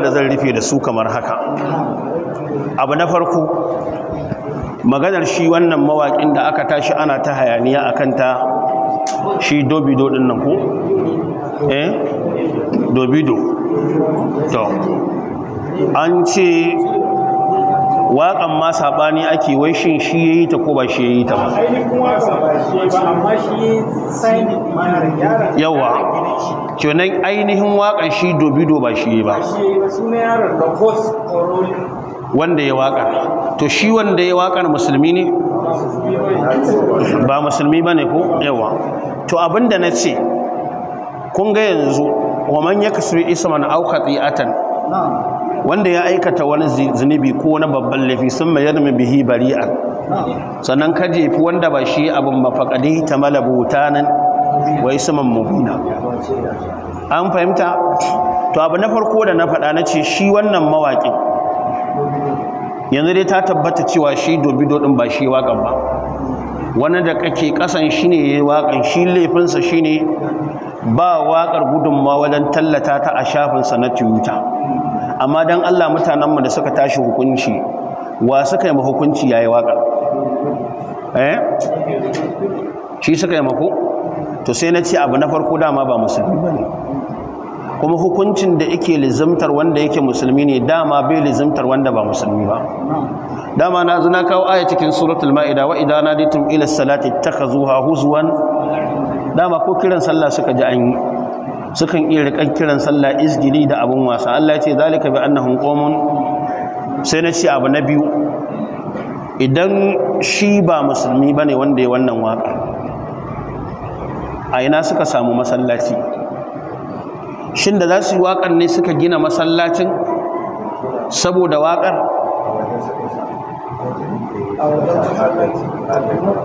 da zan rufe da su kamar haka abu na farko maganar shi wannan mawaƙin da aka tashi ana ta hayaniya a kanta shi dobido ɗin nan ku, eh dobido to an ce waƙan ma saɓani ake wai shin shi ya yi ta ko ba shi ya yi ta ba yawa kenan ainihin waƙan shi dobido ba shi ya ba wanda ya waƙa to shi wanda ya waƙa musulmi ne ba musulmi ba ne ko yawa to abinda na ce kun ga yanzu wa man ya kasu isman a tan? wanda ya aikata wani zunubi ko wani babban laifi sun mayar mu bihi bari'a sannan ka jefi wanda ba shi abin mafakadi ta malabuta nan wai saman mubina an fahimta to abu na farko da na faɗa na ce shi wannan mawaƙi yanzu dai ta tabbata cewa shi dobi doɗin ba shi waƙan ba wani da kake ƙasan shi ne ya yi waƙan shi laifinsa shi ne ba waƙar gudunmawa wajen tallata ta a shafinsa na tiwita. amma don allah mutanenmu da suka tashi hukunci wa suka yi hukunci ya yi waƙa eh shi suka yi mako to sai na ce abu na farko dama ba musulmi ba ne kuma hukuncin da yake lizimtar wanda yake musulmi ne dama bai lizimtar wanda ba musulmi ba dama na zuna kawo aya cikin suratul ma'ida wa idana ditum ila salati takhazuha huzwan dama ko kiran sallah suka ji an yi sukan iya riƙan kiran sallah izgili da abin wasa Allah ce zalika bi annahum qawmun sai na ci abu na biyu idan shi ba musulmi bane wanda ya wannan waka a ina suka samu masallaci shin da za su yi waƙar ne suka gina masallacin saboda waƙar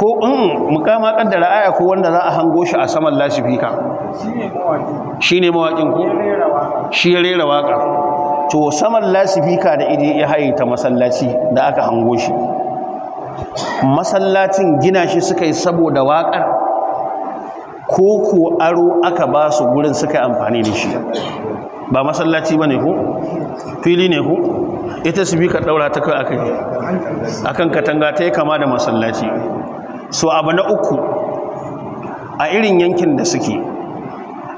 ko in mm, mukama kaddara aya ko wanda za a hango shi a saman lashifika shi ne mawaƙin ku shi ya rera waƙa to saman lasifika da iri ya ta masallaci da aka hango shi masallacin gina shi suka yi saboda waƙar ko ko aro aka ba su gurin suka yi amfani da shi ba masallaci ba ne ku fili ne ku ita su bi ka ɗaura ta kai a akan katanga ta yi kama da masallaci so abu na uku a irin yankin da suke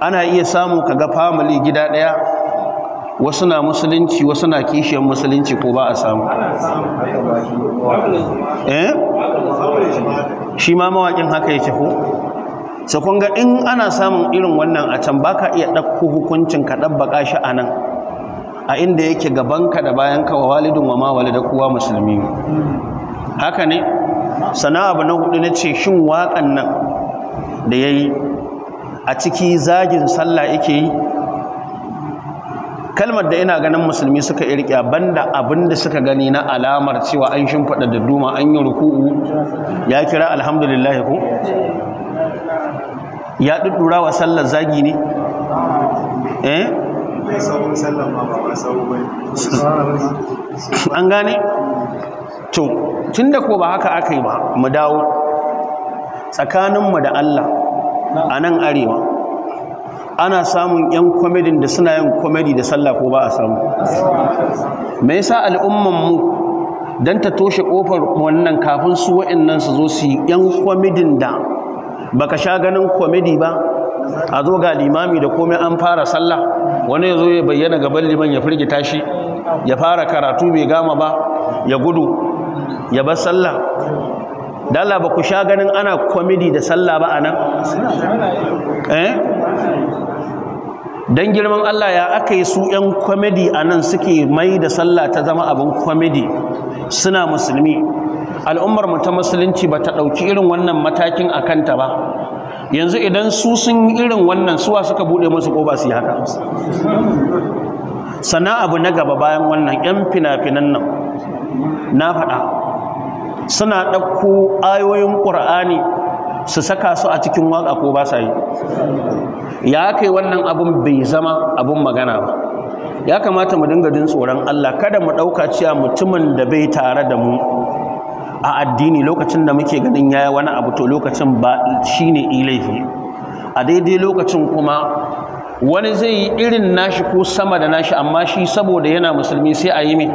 ana iya samu kaga famili gida ɗaya wasu na musulunci wasu na kishiyar musulunci ko ba a samu eh shi ma mawaƙin haka ce ko so kun ga in ana samun irin wannan a can baka iya ɗauko hukuncin ka ɗabbaka shi a nan a inda yake gabanka da bayanka wa walidin wa ma walida kuwa musulmi haka ne sana abu na hudu na ce shin waƙan nan da ya yi a ciki zagin sallah yake yi kalmar da ina ganin musulmi suka irkiya banda abin da suka gani na alamar cewa an shimfiɗa da duma an yi ruku'u ya kira alhamdulillah ko ya ɗuɗɗura wa sallar zagi ne eh an gane to tunda ko ba haka aka yi ba mu dawo tsakaninmu da Allah a nan arewa ana samun 'yan komedin da suna yin komedi da sallah ko ba a samu me sa al'ummanmu don ta toshe kofar wannan kafin su wa'annan su zo su yi 'yan komedin da ba ka sha ganin komedi ba a zo ga limami da komai an fara sallah wani ya zo ya bayyana gaban liman ya firgita shi ya fara karatu bai gama ba ya gudu ya bar sallah da ba ku sha ganin ana kwamidi da sallah ba anan. eh don girman Allah ya aka yi su 'yan kwamidi anan suke mai da sallah ta zama abin kwamidi suna musulmi al'ummar mu ta musulunci ba ta ɗauki irin wannan matakin a kanta ba yanzu idan su sun irin wannan suwa suka bude musu ko ba su yi haka sana abu na gaba bayan wannan 'yan fina-finan nan na faɗa suna ɗauko ayoyin ƙur'ani su saka su a cikin waƙa ko ba sa yi ya kai wannan abin bai zama abin magana ba ya kamata mu dinga jin tsoron Allah kada mu ɗauka cewa mutumin da bai tare da mu a addini lokacin da muke ganin yaya wani abu to lokacin ba shi ne ilaihi a daidai lokacin kuma wani zai yi irin nashi ko sama da nashi amma shi saboda yana musulmi sai a yi mai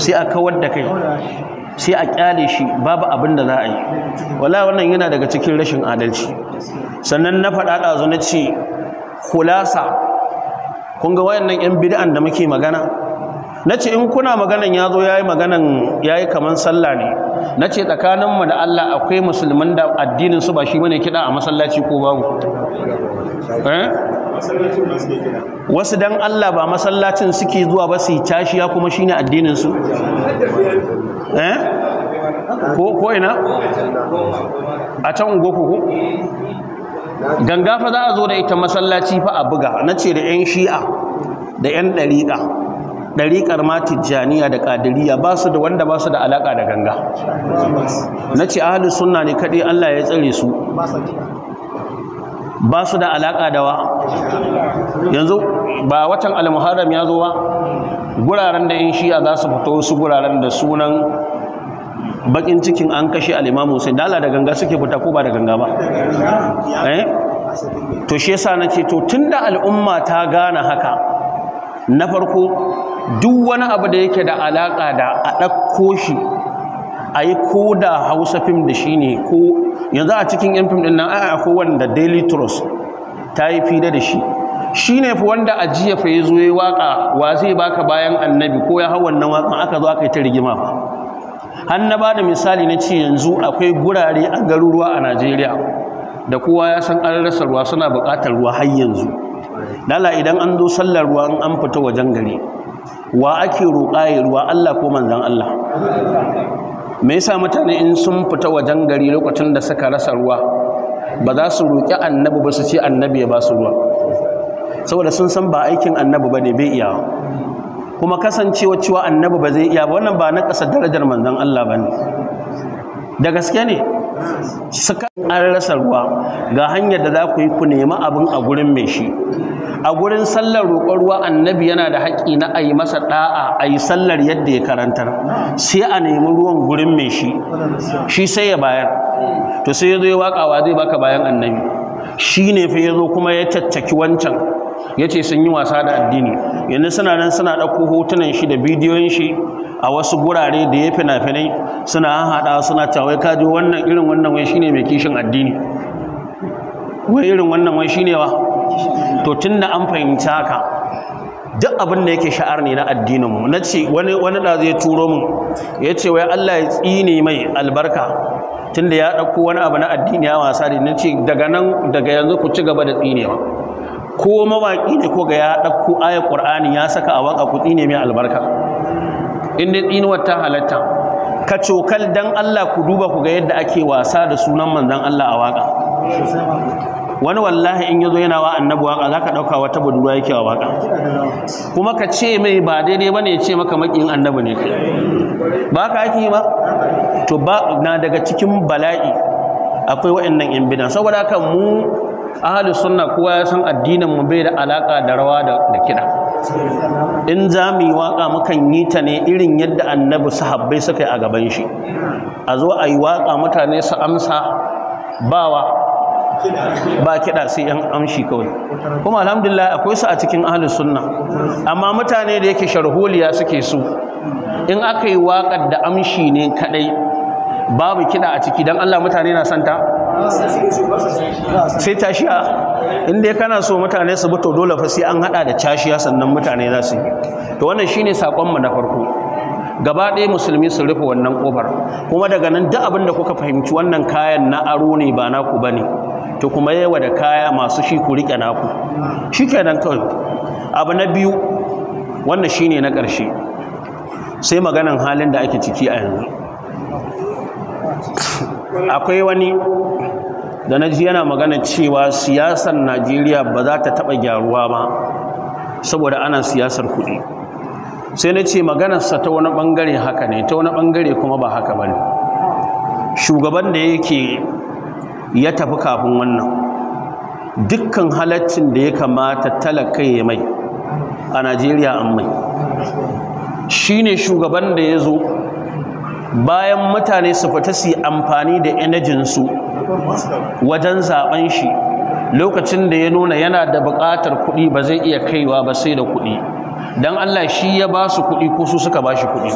sai a kawar da kai sai a kyale shi babu abin da za a yi wala wannan yana daga cikin rashin adalci sannan na faɗa ɗazu na ce kulasa kun ga wayannan 'yan bid'an da muke magana na ce in kuna maganan ya zo ya yi maganan ya yi kamar sallah ne na ce tsakaninmu da Allah akwai musulman da addinin su ba shi bane kiɗa a masallaci ko babu eh? wasu dan Allah ba masallacin suke zuwa ba su yi tashiya kuma shine addinin su eh? ko ina a can ko ganga fa za a zo da ita masallaci fa a buga na ce da 'yan shi'a da 'yan ɗariƙa ɗariƙar ma tijjaniya da ƙadiriya ba su da wanda ba su da alaƙa da ganga na ce ahalin suna ne kaɗai Allah ya tsare su ba su da alaƙa da wa yanzu ba watan almuharram ya zo ba guraren da yin shi'a za su fito su guraren da sunan bakin cikin an kashe alimamu sai dala da ganga suke fita ko ba da ganga ba eh? to shi yasa nake to tunda al'umma ta gane haka na farko duk wani abu da yake da alaƙa da a ɗakko shi a yi ko da hausa fim da shi ne ko yanzu a cikin yan fim ɗin nan a akwai wanda daily trust ta yi fida da shi shi ne fi wanda a jiya fa ya zo ya waƙa wa zai baka bayan annabi ko ya hau wannan waƙan aka zo aka yi ta rigima har na ba da misali na ce yanzu akwai gurare a garuruwa a najeriya da kowa ya san an rasa ruwa suna buƙatar ruwa har yanzu lala idan an zo sallar ruwa an fita wajen gari wa ake roƙa ya ruwa Allah ko manzan Allah me yasa mutane in sun fita wajen gari lokacin da suka rasa ruwa ba za su roƙi annabi ba su ce annabi ya ba su ruwa saboda sun san ba aikin annabi ba ne bai iya kuma kasancewa cewa annabi ba zai iya ba wannan ba na ƙasa darajar manzan Allah ba ne da gaske ne suka an rasa ruwa ga hanyar da za ku yi ku nema abin a gurin mai shi a gurin sallar roƙon ruwa annabi yana da haƙƙi na a yi masa ɗa'a a yi sallar yadda ya karantar sai a nemi ruwan gurin mai shi shi sai ya bayar to sai ya zo ya waƙawa zai baka bayan annabi shi ne fa ya zo kuma ya caccaki wancan ya ce sun yi wasa da addini yanzu suna nan suna ɗauko hotunan shi da bidiyon shi a wasu gurare da ya fina-finai suna haɗa suna cawai kaji wannan irin wannan wai shine mai kishin addini wai irin wannan wai shine wa to tun da an fahimci haka duk abin da yake sha'ar ne na addininmu na ce wani wani da zai turo mu ya ce wai Allah ya tsine mai albarka tun da ya ɗauko wani abu na addini ya wasa ne na ce daga nan daga yanzu ku ci gaba da tsinewa ko mawaƙi ne ko ga ya ɗauko ayar ƙur'ani ya saka a waƙa ku tsine mai albarka in wata halatta ka cokal dan Allah ku duba ku ga yadda ake wasa da sunan manzon Allah a waka wani wallahi in yazo yana wa annabi waka zaka dauka wata budurwa yake wa waka kuma ka ce mai ba daidai bane ya ce maka makin annabi ne ba ka ake ba to ba na daga cikin bala'i akwai waɗannan yan bidan saboda haka mu ahlus sunna kowa ya san addinin mu bai da alaka da rawa da kiɗa in za mu yi waƙa mukan yi ta ne irin yadda annabi sahabbai suka yi a gaban shi a zo a yi waƙa mutane su amsa bawa ba kiɗa sai yan amshi kawai kuma alhamdulillah akwai su a cikin ahlus sunna amma mutane da yake sharholiya suke su in aka yi waƙar da amshi ne kaɗai babu kiɗa a ciki don allah mutane na santa sai tashiya in ya kana so mutane su buto dole fasi an hada da tashiya sannan mutane za su yi to wannan shine sakon mu na farko gaba ɗaya musulmi su rufe wannan kofar kuma daga nan duk abin da kuka fahimci wannan kayan na aro ne ba naku bane to kuma yawa da kaya masu shi ku rike naku shikenan kawai abu na biyu wannan shine na ƙarshe sai maganan halin da ake ciki a yanzu akwai wani da na ji yana magana cewa siyasar najeriya ba za ta taɓa gyaruwa ba saboda ana siyasar kuɗi sai na ce maganarsa ta wani ɓangare haka ne ta wani ɓangare kuma ba haka ba ne shugaban da yake ya tafi kafin wannan dukkan halaccin da ya kamata talaka ya mai a najeriya an mai shi ne shugaban da ya zo bayan mutane su fita su amfani da enajinsu wajen zaben shi lokacin da ya nuna yana da buƙatar kuɗi ba zai iya kaiwa ba sai da kuɗi don Allah shi ya ba su kuɗi ko su suka ba shi kuɗi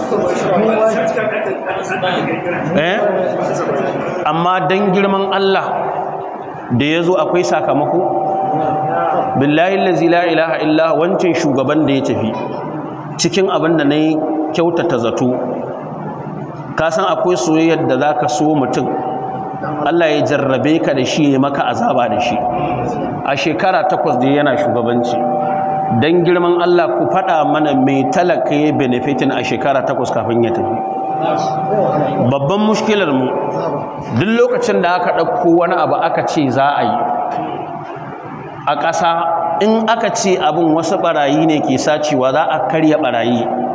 eh? amma don girman Allah da ya zo akwai sakamako billahi la ilaha illa wancan shugaban da ya tafi cikin abin da na yi kyautata zato ka san akwai soyayyar da zaka so mutum Allah ya jarrabe ka da shi ya maka azaba da shi a shekara takwas da yana shugabanci dan girman Allah ku faɗa mana mai talaka ya benefitin a shekara takwas kafin ya tafi babban mushkilar mu duk lokacin da aka ɗauko wani abu aka ce za a yi a ƙasa in aka ce abin wasu ɓarayi ne ke sacewa za a karya ɓarayi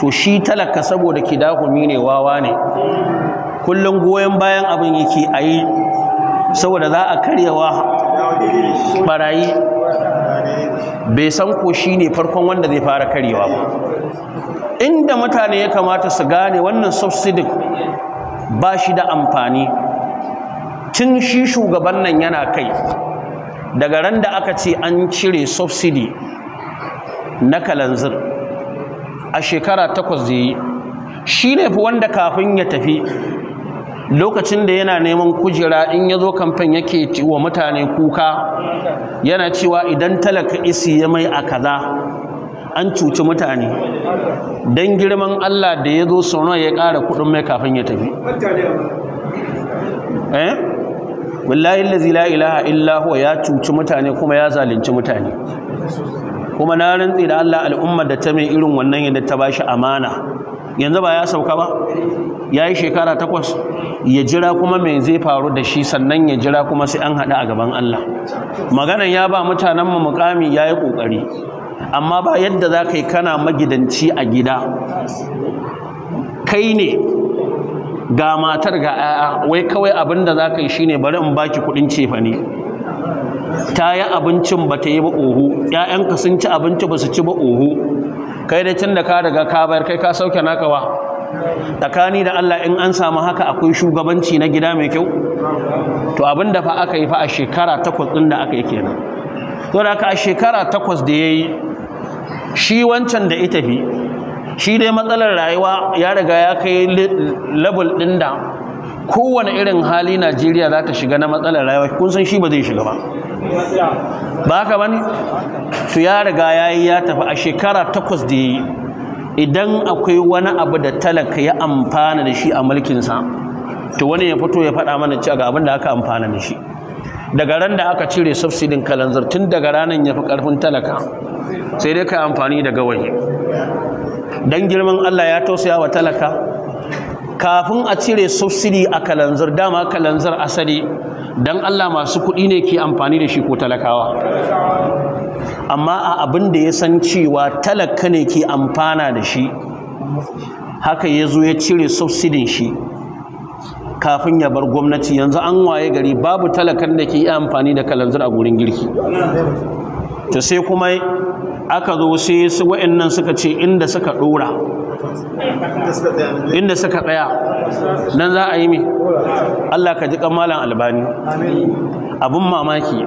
to shi talaka saboda ki dahumi ne wawa ne kullum goyon bayan abin yake ayi saboda za a karyawa barayi bai san ko shi ne farkon wanda zai fara karyewa ba inda mutane ya kamata su gane wannan subsidin ba shi da amfani tun shi shugaban nan yana kai daga ran da aka ce an cire subsidi na kalanzir a shekara takwas da yi shi ne fi wanda kafin ya tafi lokacin da yana neman kujera in ya zo kamfan yake wa mutane kuka yana cewa idan talaka isi ya mai a kaza an cuci mutane don girman Allah da ya zo sono ya ƙara kuɗin mai kafin ya tafi eh wallahi allazi la ilaha illa huwa ya cuci mutane kuma ya zalunci mutane kuma na rantsi da Allah al'ummar da ta mai irin wannan yadda ta bashi amana yanzu ba ya sauka ba ya yi shekara takwas ya jira kuma mai zai faru da shi sannan ya jira kuma sai an hada a gaban Allah maganan ya ba mutanen mutanenmu mukami ya yi ƙoƙari amma ba yadda za ka yi kana magidanci a gida kai ne ga matar ga 'ya'ya wai kawai abin da za ka yi shi ne bari in baki kuɗin cefane ta yi abincin ba ta yi ba ohu ‘ya'yanka sun ci abinci ba su ci ba ohu kai da cin da ka daga ka bayar kai ka sauke naka wa tsakani da Allah in an samu haka akwai shugabanci na gida mai kyau to abin da fa aka yi fa a shekara takwas ɗin da aka yi kenan to da a shekara takwas da ya yi shi wancan da ita fi shi dai matsalar rayuwa ya riga ya kai level ɗin da kowane irin hali Najeriya za ta shiga na matsalar rayuwa kun san shi ba zai shiga ba ba haka bane to ya riga yayi ya tafi a shekara takwas da yi idan akwai wani abu da talaka ya amfana da shi a mulkinsa to wani ya fito ya faɗa mana cewa ga abin da aka amfana da shi daga ran da aka cire subsidin kalanzar tun daga ranar ya fi ƙarfin talaka sai dai ka amfani da gawayi don girman Allah ya tausaya wa talaka kafin a cire subsidi a kalanzar dama kalanzar asali dan Allah masu kuɗi ne ke amfani da shi ko talakawa amma a abin da ya san cewa talaka ne ke amfana da shi haka ya zo ya cire subsidin shi kafin ya bar gwamnati yanzu an waye gari babu talakan da ke amfani da kalanzir a gurin girki to sai kuma aka zo sai su wa'annan suka ce inda suka dora inda suka tsaya nan za a yi mai Allah ka ji kamalan albani abun mamaki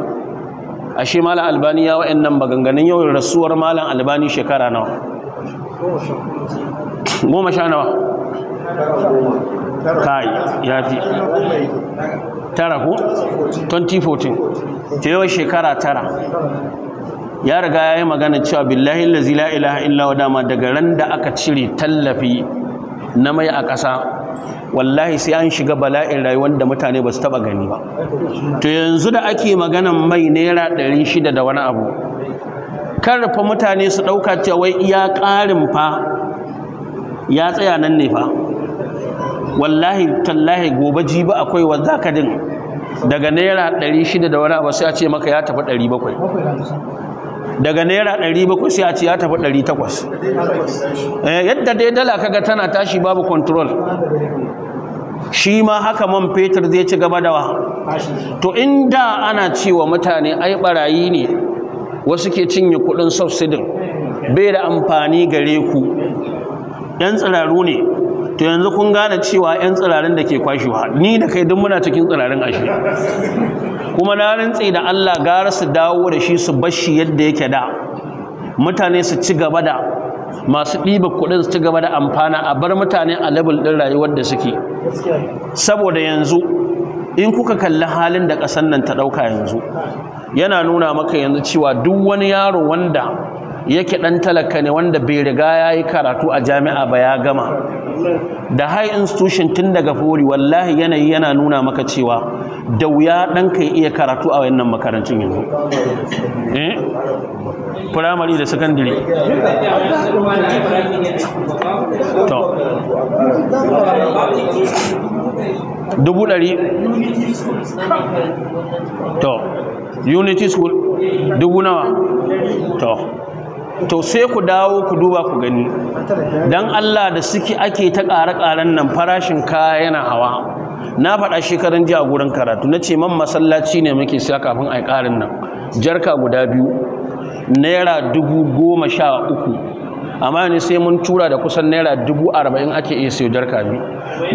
ashe malam albani ya wa'annan maganganun yau rasuwar malam albani shekara nawa goma sha nawa kai ya fi tara ko 2014 ta yawan shekara tara ya riga ya yi magana cewa billahi lazi la'ilaha ilaha illa wa dama daga ran da aka cire tallafi na mai a ƙasa wallahi sai an shiga bala'in rayuwar da mutane ba su taɓa gani ba to yanzu da ake maganan mai naira 600 shida da wani abu karfa mutane su ɗauka cewa wai iya ƙarin fa ya tsaya nan ne fa wallahi tallahi gobe jibi akwai wanda ka din daga naira 600 da wani abu sai a ce maka ya tafi 700 daga naira ɗari bakwai sai a ce ya tafi ɗari takwas eh, yadda dai dala kaga tana tashi babu kontrol, shi ma haka man fetur zai ci gaba da wa to inda ana cewa mutane ai barayi ne wasu ke cinye kuɗin subsidin bai da amfani gare ku yan tsiraru ne to yanzu kun gane cewa yan tsirarin da ke kwashewa ni da kai duk muna cikin tsirarin ashe kuma na rantsi da Allah gara su dawo da shi su bashi yadda yake da mutane su ci gaba da masu ɗiba kuɗin su ci gaba da amfana a bar mutane a level ɗin rayuwar da suke saboda yanzu in kuka kalli halin da ƙasar nan ta ɗauka yanzu yana nuna maka yanzu cewa duk wani yaro wanda yake dan talaka ne wanda bai riga ya yi karatu a jami'a ba ya gama da high institution tun daga fori wallahi yanayi yana nuna maka cewa da wuya dan kai iya karatu a wannan makarantun yanzu eh? primary da secondary to dubu ɗari to unity school dubu nawa to to sai ku dawo ku duba ku gani dan Allah da suke ake ta ƙare-ƙaren nan farashin kaya yana hawa na faɗa shekaran jiya a gurin karatu na ce man masallaci ne muke siya kafin a ƙarin nan jarka guda biyu naira dubu goma sha uku amma ne sai mun tura da kusan naira dubu arba'in ake iya siyo jarka biyu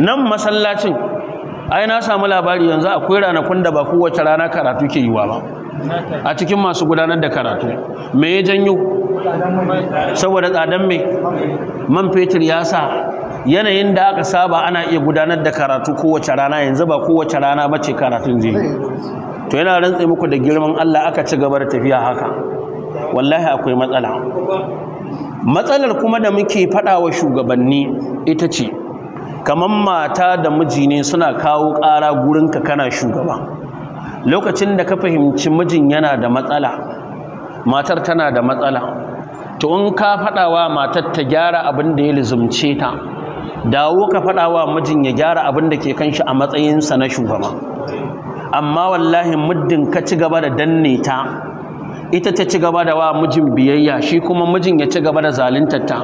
nan masallacin ai na samu labari yanzu akwai ranakun da ba kowace rana karatu ke yiwa ba a cikin masu gudanar da karatu me ya janyo saboda tsadan mai man fetur ya sa yanayin da aka saba ana iya gudanar da karatu kowace rana yanzu ba kowace rana ba ce karatun zai to yana rantse muku da girman Allah aka ci gaba da tafiya haka wallahi akwai matsala matsalar kuma da muke faɗa wa shugabanni ita ce kamar mata da miji ne suna kawo ƙara gurinka kana shugaba lokacin da ka fahimci mijin yana da matsala matar tana da matsala to in ka faɗawa matar ta gyara abin da ya lizumce ta dawo ka wa mijin ya gyara abin da ke shi a matsayinsa na shugaba amma wallahi muddin ka ci gaba da danne ta ita ta ci gaba da wa mijin biyayya shi kuma mijin ya ci gaba da zaluntar ta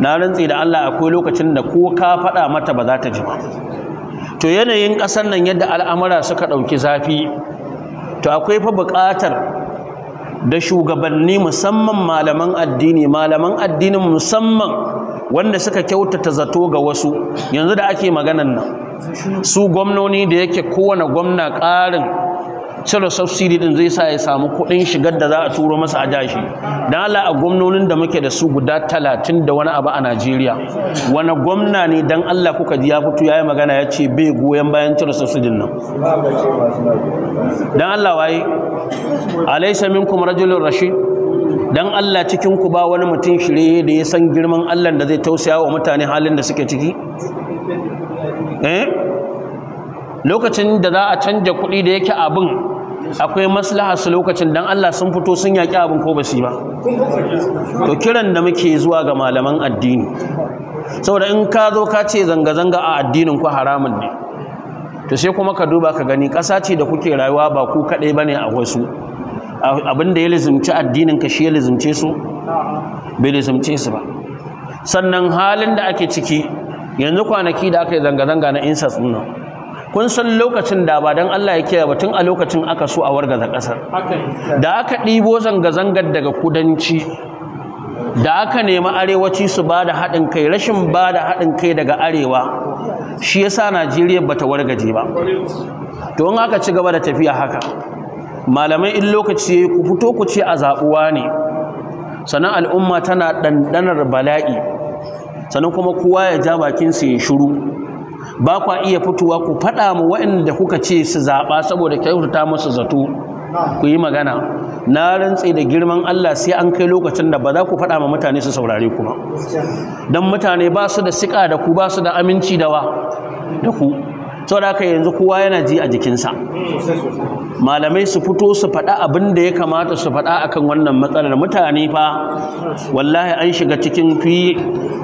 na rantsi da Allah akwai lokacin da ko ka faɗa mata ba za ta ji ba to yanayin ƙasar nan yadda al'amura suka ɗauki zafi to akwai fa buƙatar da shugabanni musamman malaman addini malaman addini musamman wanda suka kyautata zato ga wasu yanzu da ake maganan nan su gwamnoni da yake kowane gwamna ƙarin cire subsidy din zai sa ya samu kuɗin shigar da za a turo masa a jashi dan Allah a gwamnonin da muke da su guda talatin da wani abu a Najeriya wani gwamna ne dan Allah kuka ji ya fito ya yi magana ya ce bai goyon bayan cire subsidy nan dan Allah waye alaysa minkum rajulun rashid dan Allah cikin ku ba wani mutum shirye da ya san girman Allah da zai tausaya wa mutane halin da suke ciki eh? lokacin da za a canja kuɗi da yake abin akwai maslaha su lokacin dan Allah sun fito sun yaƙi abin ko ba su ba to kiran da muke zuwa ga malaman addini saboda in ka zo ka ce zanga-zanga a addinin ku haramun ne to sai kuma ka duba ka gani ƙasa ce da kuke rayuwa ba ku kaɗai ba ne a wasu abin da ya lizimci addinin ka shi ya lizimce su bai lizimce su ba sannan halin da ake ciki yanzu kwanaki da aka yi zanga-zanga na insas nan kun san lokacin da ba don Allah ya kiyaye ba tun a lokacin aka so a wargaza ƙasar da aka ɗibo zanga-zangar daga kudanci da aka nemi arewaci su ba da haɗin kai rashin ba da haɗin kai daga arewa shi ya sa najeriya ba ta wargaje ba to in aka ci gaba da tafiya haka malamai in lokaci ya ku fito ku ce a zaɓuwa ne sannan al'umma tana ɗanɗanar bala'i sannan kuma kowa ya ja bakinsa ya shiru ba kwa iya fitowa ku faɗa mu waɗanda kuka ce su zaɓa saboda kyautata musu zato ku yi magana na rantse da girman Allah sai an kai lokacin da ba za ku faɗa ma mutane su saurare ku ba don mutane ba su da siƙa da ku ba su da aminci da wa da ku saboda haka yanzu kowa yana ji a jikinsa malamai su fito su faɗa abin da ya kamata su faɗa akan wannan matsalar mutane fa wallahi an shiga cikin fi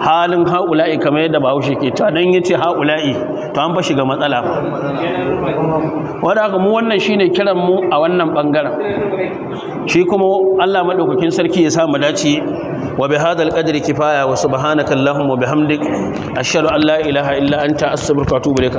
halin haula'i kamar yadda bahaushe ke ta dan yace haula'i to an fa shiga matsala fa wanda mu wannan shine kiran mu a wannan bangaren shi kuma Allah madaukakin sarki ya samu dace wa hadal alqadri kifaya wa subhanaka allahumma wa bihamdik ashhadu an la ilaha illa anta astaghfiruka wa atubu